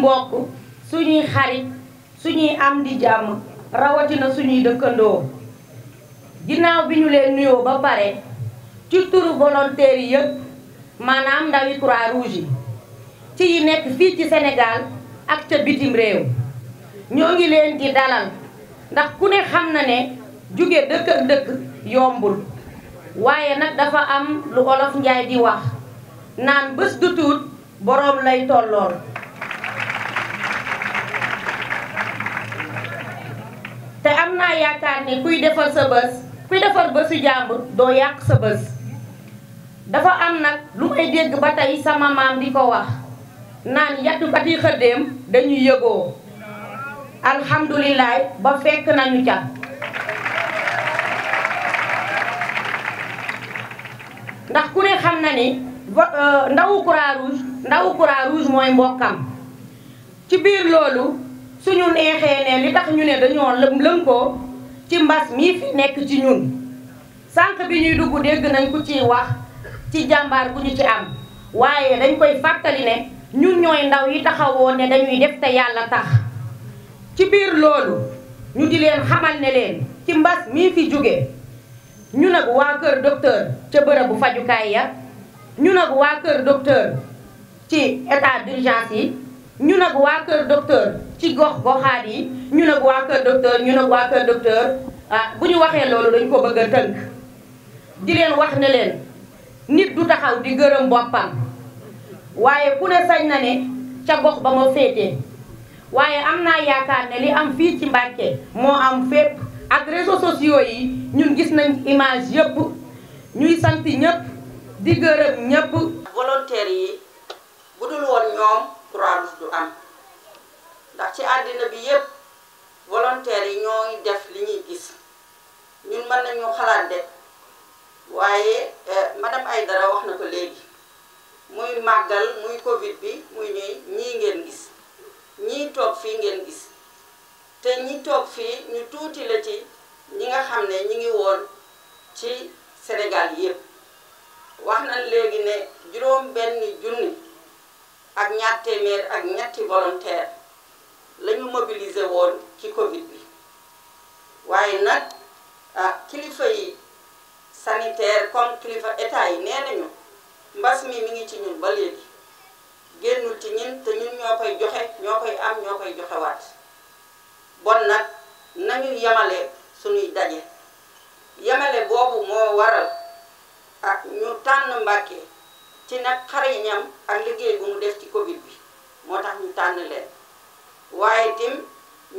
mbokk suñuy xarit suñuy am di jàmm rawatina suñuy dëkkandoo ginnaaw bi ñu leen nuyoo ba pare ci turu volontaires yi yëpp maanaam ndawi croix rouge ci yi nekk fii ci senegaal ak ca bitim réew ñoo ngi leen di dalal ndax ku ne xam na ne jóge dëkk yombul waaye nag dafa am lu olof njaay di wax naan bés du tuut boroom lay tollool maa yaakaar ni kuy defal sa bës kuy defal bësu jàmbur doo yàq sa bës dafa am nag lu may dégg ba tey sama maam di ko wax naan yattu bati xëddeem dañuy yëgoo alhamdulilah ba fekk nañu ca ndax ku ne xam na ni euh, ndawu Croix-Rouge ndawu Croix-Rouge mooy mbokkam ci biir loolu suñu neexee neen li tax ñu ne dañoo lëm lëm ko ci mbas mii fi nekk ci ñun sànq bi ñuy dugg dégg nañ ko ci wax ci jàmbaar bu ñu ci am waaye dañ koy fàttali ne ñun ñooy ndaw yi taxawoo ne dañuy def te yàlla tax ci biir loolu ñu di leen xamal ne leen ci mbas mii fi jóge ñu nag waa kër docteur ca bërëbu fajukaay ya ñu nag waa kër docteur ci état d'urgence yi ñu nag waa kër docteur ci gox goxaat yi ñu ne waa kër docteur ñu nag waa kër docteur ah, bu ñu waxee loolu dañ ko bëgg a tënk di leen wax ne leen nit du taxaw di gërëm boppam waaye ku ne sañ na ne ca gox ba ma féetee waaye am naa yaakaar ne li am fii ci Mbàkke moo am fépp ak réseaux sociaux yi ñun gis nañ image yëpp ñuy sant ñëpp di gërëm ñëpp volontaires yi bu dul woon ñoom croix du am ndax ci àddina bi yépp volontaires yi ñooy def li ñuy gis ñun mën nañu xalaat de waaye eh, ay dara wax na ko léegi muy màggal muy Covid bi muy ñuy ñii ngeen gis ñii toog fii ngeen gis te ñi toog fii ñu tuuti la ci ñi nga xam ne ñi ngi woon ci senegal yépp wax na léegi ne juróom benn junni ak ñaar téeméer ak ñetti volontaire lañu mobilise mobiliser woon ci Covid bi waaye nag ah kilifa yi sanitaire comme kilifa état yi nee nañu mbas mi mi ngi ci ñun ba léegi génnul ci ñun te ñun ñoo koy joxe ñoo koy am ñoo koy wat bon nag nañu yemale suñuy daje yemale boobu moo waral ak ah, ñu tànn Mbàkke ci nag xarañam ak liggéey bu mu def ci Covid bi moo tax ñu tànn leen. waaye tim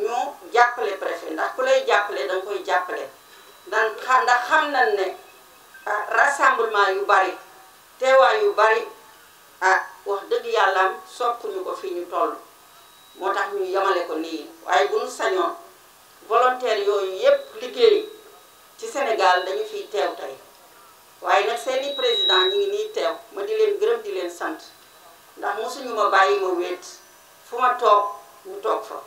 ñu jàppale préfet ndax ku lay jàppale danga koy jàppale ndax ndax xam nañ ne ah, rassemblement yu bari teewaay yu bari ah wax dëgg yàllaam soppuñu ko fi ñu toll moo tax ñu yamale ko nii waaye bu ñu sañoon volontaire yooyu yépp liggéey ci Sénégal dañu fiy teew tey waaye nag seeni président ñi ngi nii teew ma di leen gërëm di leen sant ndax mosuñu ma bàyyi ma wéet fu ma toog mu toog fa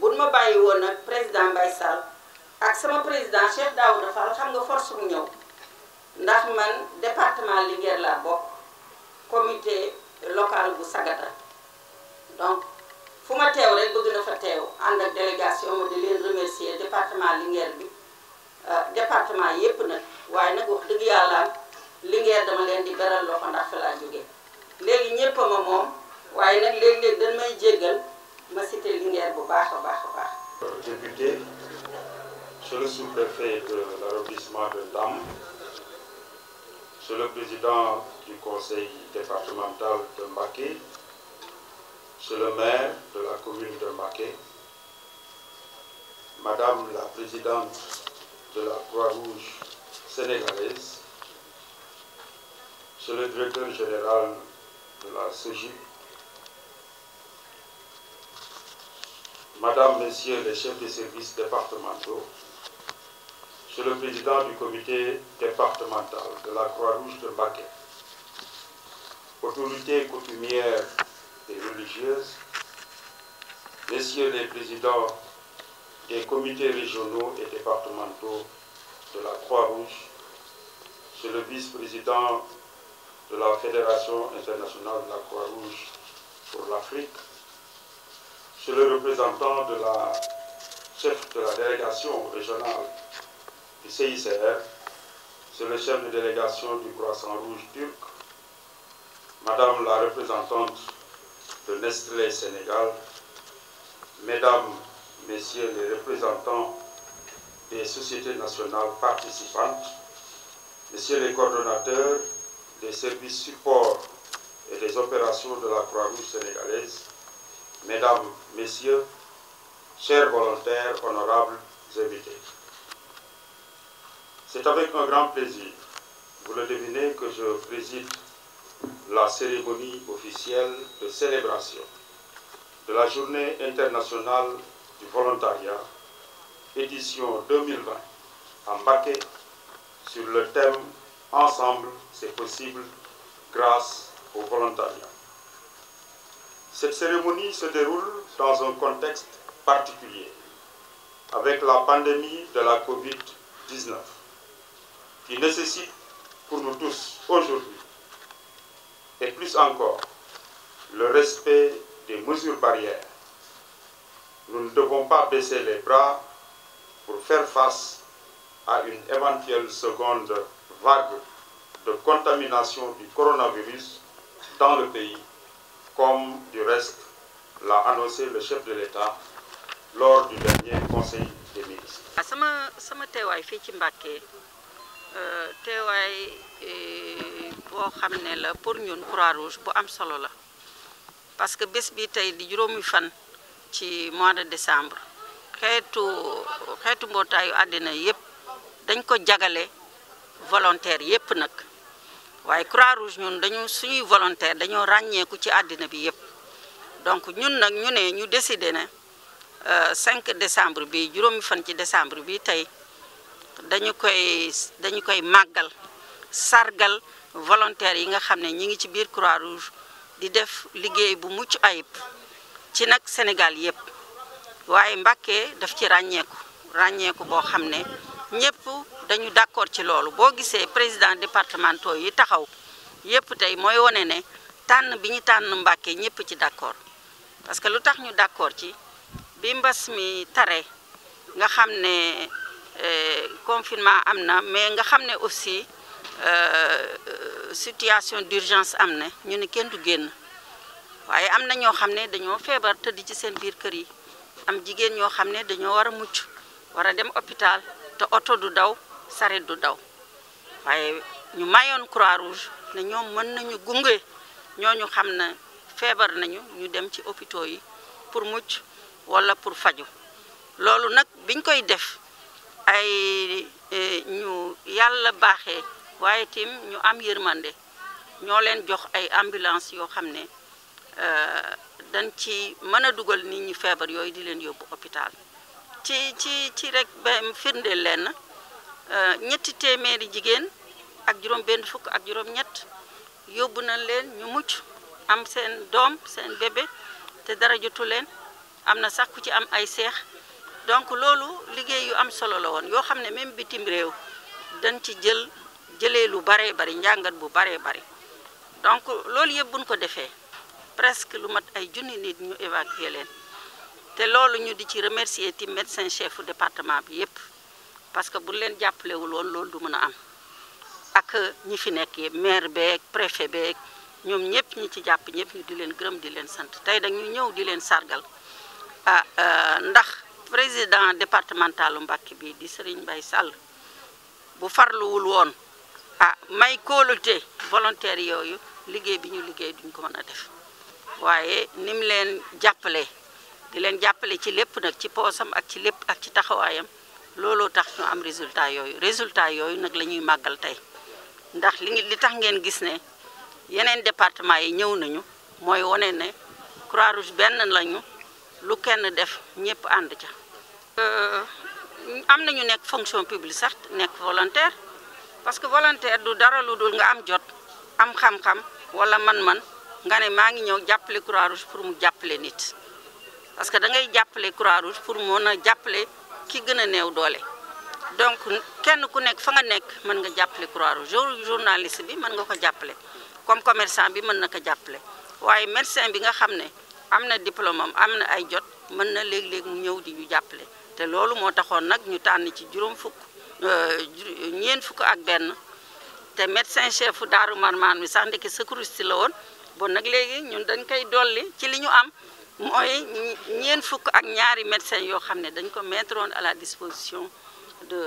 buñ ma bàyyi woon nag président Mbaye Sall ak sama président Cheikh Daouda Fall xam nga force bu ñëw ndax man département Linguère laa bokk comité local bu Sagata donc fu ma teew rek bëgg na fa teew ànd ak délégation ma di leen remercier département Linguère bi euh, département yépp nag waaye nag wax dëgg yàlla Linguère dama leen di beral loxo ndax fa laa jógee léegi ñépp moom waaye nag léeg-léeg dañ may jéggal ma cité Linguère bu baax a a baax. député monsieur le sous-préfet de l'arrondissement de Ndam monsieur le président du conseil départemental de Mbacké monsieur le maire de la commune de Mbacké madame la présidente de la Croix-Rouge sénégalaise monsieur le directeur général de la SOGIP Madame, Messieurs les chefs de services départementaux, Monsieur le Président du comité départemental de la Croix-Rouge de Mbacké, autorités coutumières et religieuses, Messieurs les Présidents des comités régionaux et départementaux de la Croix-Rouge, Monsieur le Vice-président de la Fédération internationale de la Croix-Rouge pour l'Afrique, C'est le représentant de la de la délégation régionale du CICR. C'est le chef de délégation du Croissant-Rouge turc. Madame la représentante de Nestlé Sénégal. Mesdames, Messieurs les représentants des sociétés nationales participantes, Messieurs les coordonnateurs des services support et des opérations de la Croix-Rouge sénégalaise, Mesdames, Messieurs, chers volontaires, honorables invités, c'est avec un grand plaisir, vous le devinez, que je préside la cérémonie officielle de célébration de la Journée internationale du volontariat, édition 2020, embarquée sur le thème Ensemble, c'est possible grâce au volontariat. Cette cérémonie se déroule dans un contexte particulier, avec la pandémie de la COVID-19, qui nécessite pour nous tous aujourd'hui, et plus encore, le respect des mesures barrières. Nous ne devons pas baisser les bras pour faire face à une éventuelle seconde vague de contamination du coronavirus dans le pays comme du reste l'a annoncé le chef de l'État lors du dernier conseil des ministres. waaw ah, sama sama teewaay fii ci Mbacké euh, teewaay euh, boo xam ne la pour ñun Croix-Rouge bu am solo la parce que bés bi tey di juróomi fan ci mois de décembre xeetu xeetu mbootaayu àddina yépp dañ ko jagale volontaire yépp nag. waaye croix rouge ñun dañu suñuy volontaire dañoo ràññeeku ci àddina bi yépp donc ñun nag ñu ne ñu décidé ne euh, cinq décembre bi juróomi fan ci décembre bi tey dañu koy dañu koy màggal sargal volontaires yi nga xam ne ñi ngi ci biir croix rouge di def liggéey bu mucc ayib ci nag Sénégal yépp waaye mbakkee daf ci ràññeeku ràññeeku boo xam ne ñëpp dañu d'accord ci loolu boo gisee président départementaux yi taxaw yëpp tey mooy wane ne tànn bi ñu tànn Mbàkke ñëpp ci d'accord parce que lu tax ñu d'accord ci bi mbas mi tare nga xam ne euh, confinement am na mais nga xam ne aussi euh, situation d'urgence am na ñu ne kenn du génn waaye am na ñoo xam ne dañoo feebar tëdd ci seen biir kër yi am jigéen ñoo xam ne dañoo war a mucc war a dem hôpital te oto du daw saret du daw waaye ñu mayoon croix rouge ne ñoom mën nañu gunge ñooñu xam ne feebar nañu ñu dem ci hôpitaux yi pour mucc wala pour faju loolu nag biñ koy def ay e, ñu yàlla baaxee waaye tim ñu am yërmande ñoo leen jox ay ambulance yoo xam ne euh, dañ ci mën a dugal nit ñi feebar yooyu di leen yóbbu hôpital ci ci ci rek ba firndeel leen euh, ñetti téeméeri jigéen ak juróom benn fukk ak juróom ñett yóbbu nañ leen ñu mucc am seen doom seen bébé te dara jotu leen am na sax ku ci am ay seex donc loolu liggéey yu am solo la woon yoo xam ne même bitim réew dañ ci jël jëlee lu baree bari njàngat bu baree bari donc loolu yëpp buñ ko defee presque lu mat ay junni nit ñu évacuer leen te loolu ñu di ci remercier ti médecin chef département bi yépp parce que bu leen jàppalewul woon loolu du mën a am ak ñi fi nekk maire beeg préfet beeg ñoom ñëpp ñu ci jàpp ñëpp ñu di leen gërëm di leen sant tey nag ñu ñëw di leen sargal ah, ah ndax président départementalu Mbàkke bi di Serigne Mbaye Sall bu farluwul woon ah may kóolute volontaire yooyu liggéey bi ñu liggéey duñ ko mën a def waaye nim leen jàppale di leen jàppale ci lépp nag ci poosam ak ci lépp ak ci taxawaayam looloo tax ñu am résultat yooyu résultat yooyu nag la ñuy màggal tey ndax li li tax ngeen gis ne yeneen département yi ñëw nañu mooy wane ne Croix-Rouge benn lañu lu kenn def ñëpp ànd ca. Euh, am nañu nekk fonction publique sax nekk volontaire parce que volontaire du dara lu dul nga am jot am xam-xam wala man-man nga ne maa ngi ñëw jàppale croix pour mu jàppale nit. parce que da ngay jàppale croix pour mën a jàppale ki gën a néew doole donc kenn ku nekk fa nga nekk mën nga jàppale Croix-Rouge journaliste bi mën nga ko jàppale comme commerçant bi mën na ko jàppale waaye médecin bi nga xam ne am na diplôme am am na ay jot mën na léeg-léeg mu ñëw di ñu jàppale te loolu moo taxoon nag ñu tànn ci juróom fukk euh, ñeent fukk ak benn te médecin chef daaru marmaan bi sax ndekki secouriste la woon bon nag léegi ñun dañ koy dolli ci li ñu am mooy ñeen fukk ak ñaari médecins yoo xam ne dañ ko mettre à la disposition de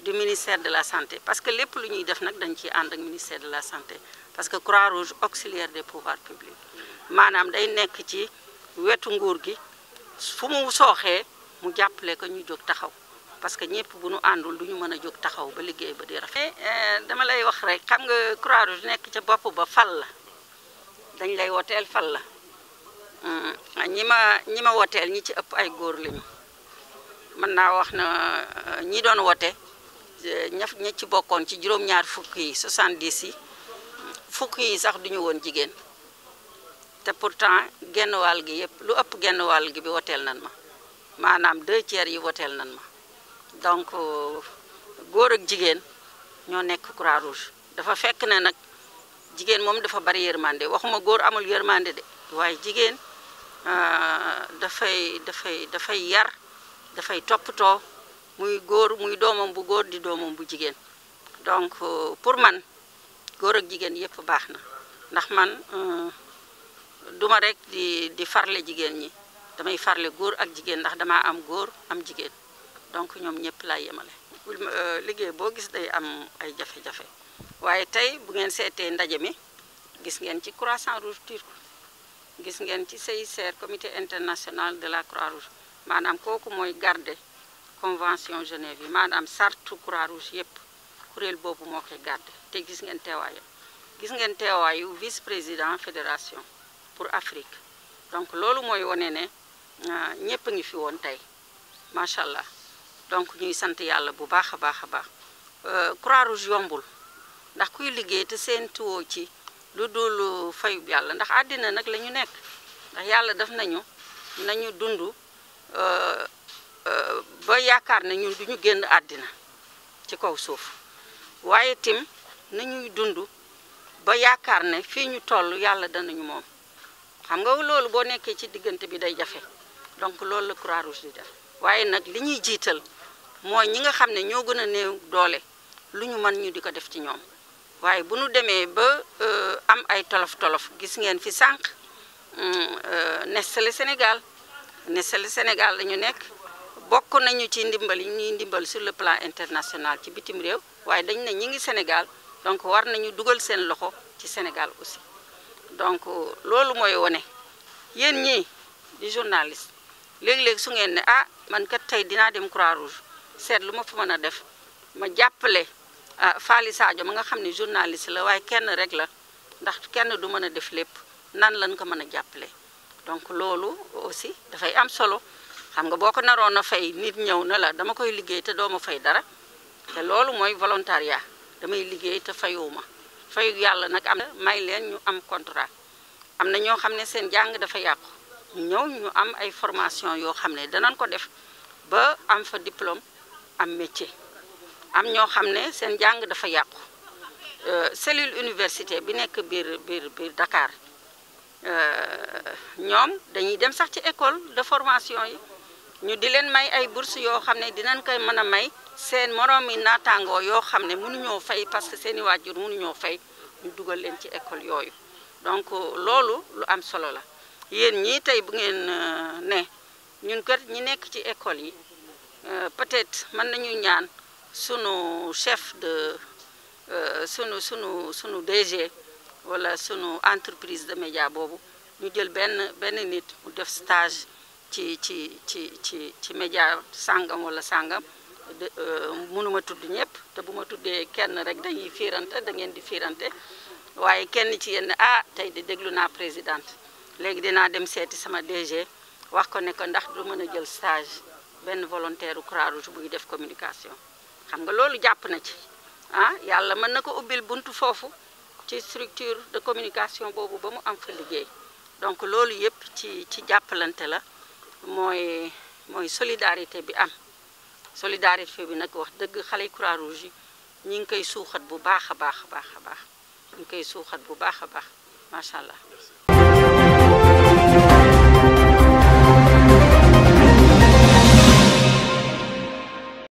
du ministère de la santé parce que lépp lu ñuy def nag dañ ciy ànd ak ministère de la santé parce que Croix-Rouge auxiliaire des pouvoirs publics maanaam day nekk ci wetu nguur gi fu mu sooxee mu jàppale ko ñu jóg taxaw parce que ñëpp bu nu àndul du ñu mën a jóg taxaw ba liggéey ba di rafet. Euh, dama lay wax rek xam nga Croix-Rouge nekk ca bopp ba fal la dañ lay woteel fal la. Ah, ñi ma ñi ma woteel ñi ci ëpp ay góor lañu mën naa wax na ah, ñi doon wote eh, ñaf ñi ci bokkoon ci juróom-ñaar fukk yi 70 yi fukk yi sax duñu woon jigéen te pourtant genn wàll gi yëpp lu ëpp genn wàll gi bi woteel nan ma maanaam deux tiers yi woteel nan ma donc euh, góor ak jigéen ñoo nekk croix dafa fekk ne nag jigéen moom dafa bari yërmande waxuma góor amul yërmande de waaye jigéen Euh, dafay dafay dafay yar dafay toppatoo muy góor muy doomam bu góor di doomam bu jigéen donc euh, pour man góor ak jigéen yëpp baax na ndax man euh, duma rek di di farle jigéen ñi damay farle góor ak jigéen ndax damaa am góor am jigéen donc ñoom ñëpp laay yemale. liggéey boo gis day am ay jafe-jafe waaye tey bu ngeen seetee ndaje mi gis ngeen ci Croissant Rouge Turc gis ngeen ci CICR comité international de la Croix-Rouge maanaam kooku mooy garde convention Genève yi maanaam sartu Croix-Rouge yépp kuréel boobu moo koy garde te gis ngeen teewaayam gis ngeen teewaayu vis président fédération pour Afrique donc loolu mooy wane ne euh, ñépp a ngi fi woon tey macha allah donc ñuy sant yàlla bu baax a baax a baax euh, Croix-Rouge yombul ndax kuy liggéey te seen tuwoo ci lu dul fayub yàlla ndax àddina nag lañu nekk ndax yàlla def nañu nañu dund euh, euh, ba yaakaar ne ñun du ñu génn àddina ci kaw suuf waaye tim nañuy dund ba yaakaar ne fii ñu toll yàlla danañu moom xam nga loolu boo nekkee ci diggante bi day jafe donc loolu la Croix-Rouge di def waaye nag li ñuy jiital mooy ñi nga xam ne ñoo gën a néew doole lu ñu mën ñu di ko def ci ñoom waaye bu nu demee ba euh, am ay tolof-tolof gis ngeen fi sànq mm, euh, Nestlé Sénégal Nestlé Sénégal la ñu nekk bokk nañu ci ndimbal i ñuy ndimbal sur le plan internationale ci bitim réew waaye dañ ne ñi ngi Sénégal donc war nañu dugal seen loxo ci Sénégal aussi donc euh, loolu mooy wone yéen ñi di journaliste léegi-léegi su ngeen ne ah man kat tey dinaa dem Croix-Rouge seet lu ma fa mën a def ma jàppale ah Faly Sadio ma nga xam ne journaliste la waaye kenn rek la ndax kenn du mën a def lépp nan lañ ko mën a jàppale donc loolu aussi dafay am solo xam nga boo ko naroon a fay nit ñëw na la dama koy liggéey te doomu ma fay dara te loolu mooy volontariat damay liggéey te fayuma fayu yàlla nag am may leen ñu am contrat am na ñoo xam ne seen jàng dafa yàqu ñëw ñu am ay formation yoo xam ne danañ ko def ba am fa diplôme am métier am ñoo xam ne seen jàng dafa yàqu euh, cellule université bi nekk biir biir biir Dakar euh, ñoom dañuy dem sax ci école de formation yi ñu di leen may ay bourse yoo xam ne dinañ koy mën a may seen moroomi naataangoo yoo xam ne mënuñoo fay parce que seen i waajur mënuñoo fay ñu dugal leen ci école yooyu donc loolu lu am solo la yéen ñii tey bu ngeen euh, ne ñun kër ñi nekk ci école yi peut-être mën nañuy ñaan sunu chef de euh, sunu sunu sunu DG wala sunu entreprise de média boobu ñu jël benn benn nit mu def stage ci ci ci ci ci média sàngam wala sàngam euh, mënuma tudd ñëpp te bu ma tuddee kenn rek dañuy fiirante da ngeen di fiirante waaye kenn ci yenn ah tey di déglu naa présidente léegi dinaa dem seeti sama DG wax ko nekk ndax du mën a jël stage benn volontaire u bu rouge def communication xam nga loolu jàpp na ci ah yàlla mën na ko ubbil bunt foofu ci structure de communication boobu ba mu am fa liggéey donc loolu yëpp ci ci jàppalante la mooy mooy solidarité bi am solidarité bi nag wax dëgg xale yi Croix-Rouge yi ñi ngi koy suuxat bu baax a baax a baax a baax ñu ngi koy suuxat bu baax a baax macha allah.